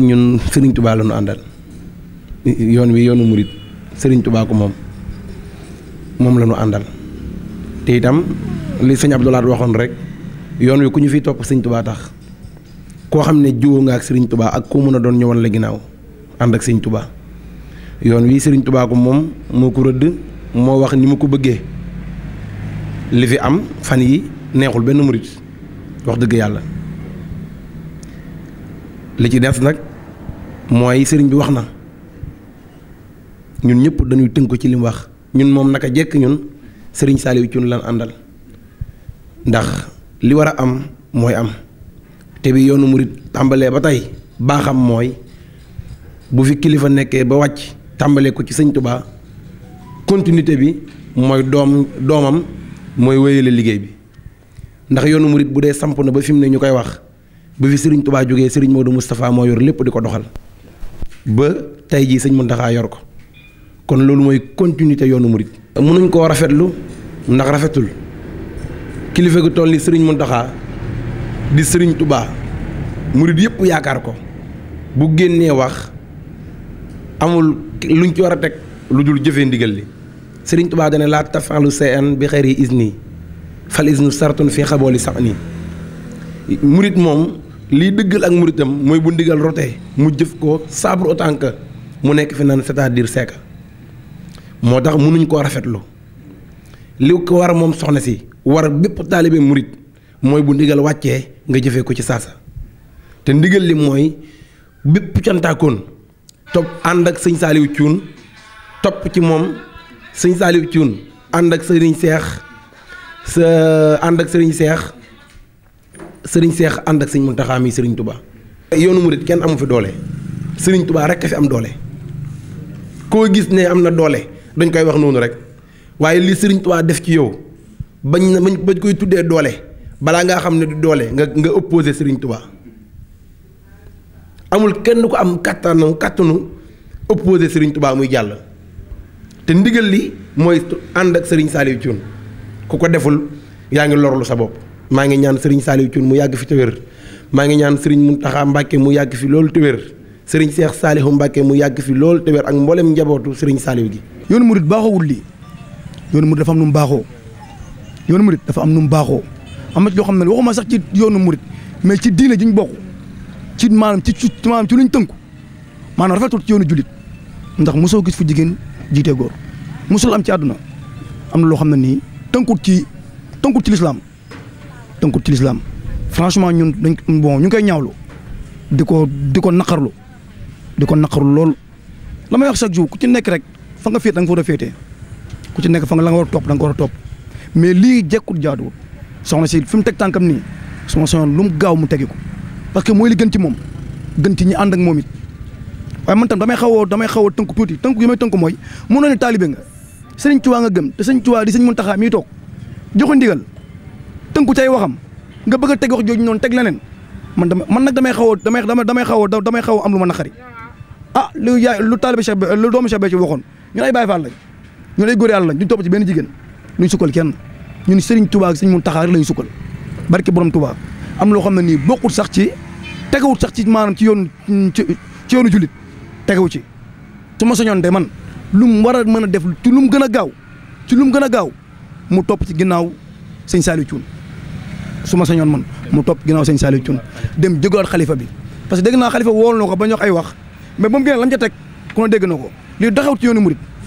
ñun Serigne Touba la àndal yoon wi yoonu murit Serigne Touba ko moom moom la àndal te itam li sëñ Abdoulaat waxoon rek yoon wi ku ñu fiy topp Serigne Touba koo xam ne jiwoo nga ak Serigne ak koo mën a doon ñëwal ginnaaw ànd ak yoon wi Serigne Touba moom moo ko rëdd moo wax ni mu ko bëggee li fi am fan yi neexul benn murit wax dëgg yàlla li ci des nag. mooy sëriñ bi wax na ñun ñëpp dañuy tënku ci li wax ñun moom naka jekk ñun sëriñ Saliou Thioune lan àndal ndax li war a am mooy am te bi yoonu murit tàmbalee ba tey baaxam mooy bu fi kilifa nekkee ba wàcc tàmbalee ko ci sëñ Tuubaa continuité bi mooy doom doomam mooy wéyale liggéey bi ndax yoonu murit bu dee samp na ba fi mu ne ñu koy wax bu fi sëriñ Tuubaa jógee sëriñ moo Modou mustafaa moo yor lépp di ko doxal ba tey jii sëñ Muntaxa yor ko kon loolu mooy continuité yoonu murit mënuñ koo rafetlu ndax rafetul kilifa gi toll ni sëriñ Muntaxa di sëriñ Tuubaa murit yëpp yaakaar ko bu génnee wax amul luñ ci war a teg lu dul jëfee ndigal li sëriñ tubaa dana laa tafalu seen bi xëyri isni fal isnu sartun fi xabooli sax nii murit moom lii dëggal ak muritam mooy bu ndigal rotee mu jëf ko sabre autant mu nekk fi naan c'est-à-dire seeka moo tax mënuñ koo rafetlu li ko war moom soxna si war bépp taalibe murit mooy bu ndigal wàccee nga jëfee ko ci saasa te ndigal li mooy bépp cantaakoon topp ànd ak sëñ saaliw cuun topp ci moom sëñ saaliw cuun ànd ak sëriñ seex sa ànd ak sëriñ seex sëriñ seex ànd ak sëñ Muntaxa mi sëriñ Touba. yoonu mu murit kenn amu fi doole sëriñ Touba rek a fi am doole koo gis ne am na doole dañ koy wax noonu rek waaye li sëriñ Touba def ci yow bañ na bañ koy tuddee doole balaa ngaa xam ne du doole nga nga opposé sëriñ Touba amul kenn ko am kàttanu kattanu opposé sëriñ Touba muy jàll te ndigal li mooy ànd ak sëriñ Saliou Thioune ku ko deful yaa ngi lorlu sa bopp. maa ngi ñaan Serigne Saliou Thioune mu yàgg fi te wér maa ngi ñaan mu Mountakha Mbacke mu yàgg fi loolu te wér Serigne Cheikh Saliou Mbacke mu yàgg fi loolu te ak mboolem njabootu Serigne Saliou gi. yoonu murit baaxoowul lii yoonu murit dafa am nu mu baaxoo yoonu murit dafa am nu mu baaxoo am na ci loo xam ne waxuma sax ci yoonu murit mais ci diine ji ñu bokk ci maanaam ci ci maanaam ci luñ tënku maanaam rafetul ci yoonu jullit ndax mosoo gis fu jigéen jiite góor mosul am ci àdduna am na loo xam ne nii tënkut ci tënkut ci lislaam tënku ci Islam. franchement ñun dañ bon ñu koy ñaawlu diko diko nakarlu diko naqarlu di Lama lool la wax chaque jour ku ci nek rek fa nga fete nga fa do fete ku ci nek fa nga nga top da nga ko top mais li jekul soxna si fim tek tankam ni nii son lum lu mu gaaw mu tegi parce que moy li gën ci mom gën ci ñi and ak momit way man tam damay xawoo damay xawoo a tuti tuuti yimay yi moy tënku mooy nga serigne touba nga gëm te serigne touba di serigne mi tok joxu ndigal teunku cay waxam nga bëgg a wax jooju non teg leneen man dama man nak damay xaw damay damay damay xaw damay xaw am luma naxari ah lu ya lu talib Cheikh lu doom Cheikh ci waxon ñu lay Baay fall lañ ñu lay góor yalla lañ duñ top ci ben jigen luñ sukkal kenn ñun Serigne Touba ak Serigne Mountakha rek lañ sukkal barki borom Touba am lo xamna ni bokul sax ci tegawut sax ci manam ci yoon ci yoonu jullit tegawu ci su ma soñon de man lu mu wara a def ci lu mu gëna gaaw ci lu mu gëna gaaw mu top ci ginnaw serigne Saliou Thioune su ma sañoon man mu topp ginnaaw sëñ Saliou Thioune dem jégalaat xalifa bi parce que dégg naa xalifa wool na ko ba ñu wax wax mais ba mu génne la mu ca teg ku ne dégg na ko lii doxewut ci yoonu murit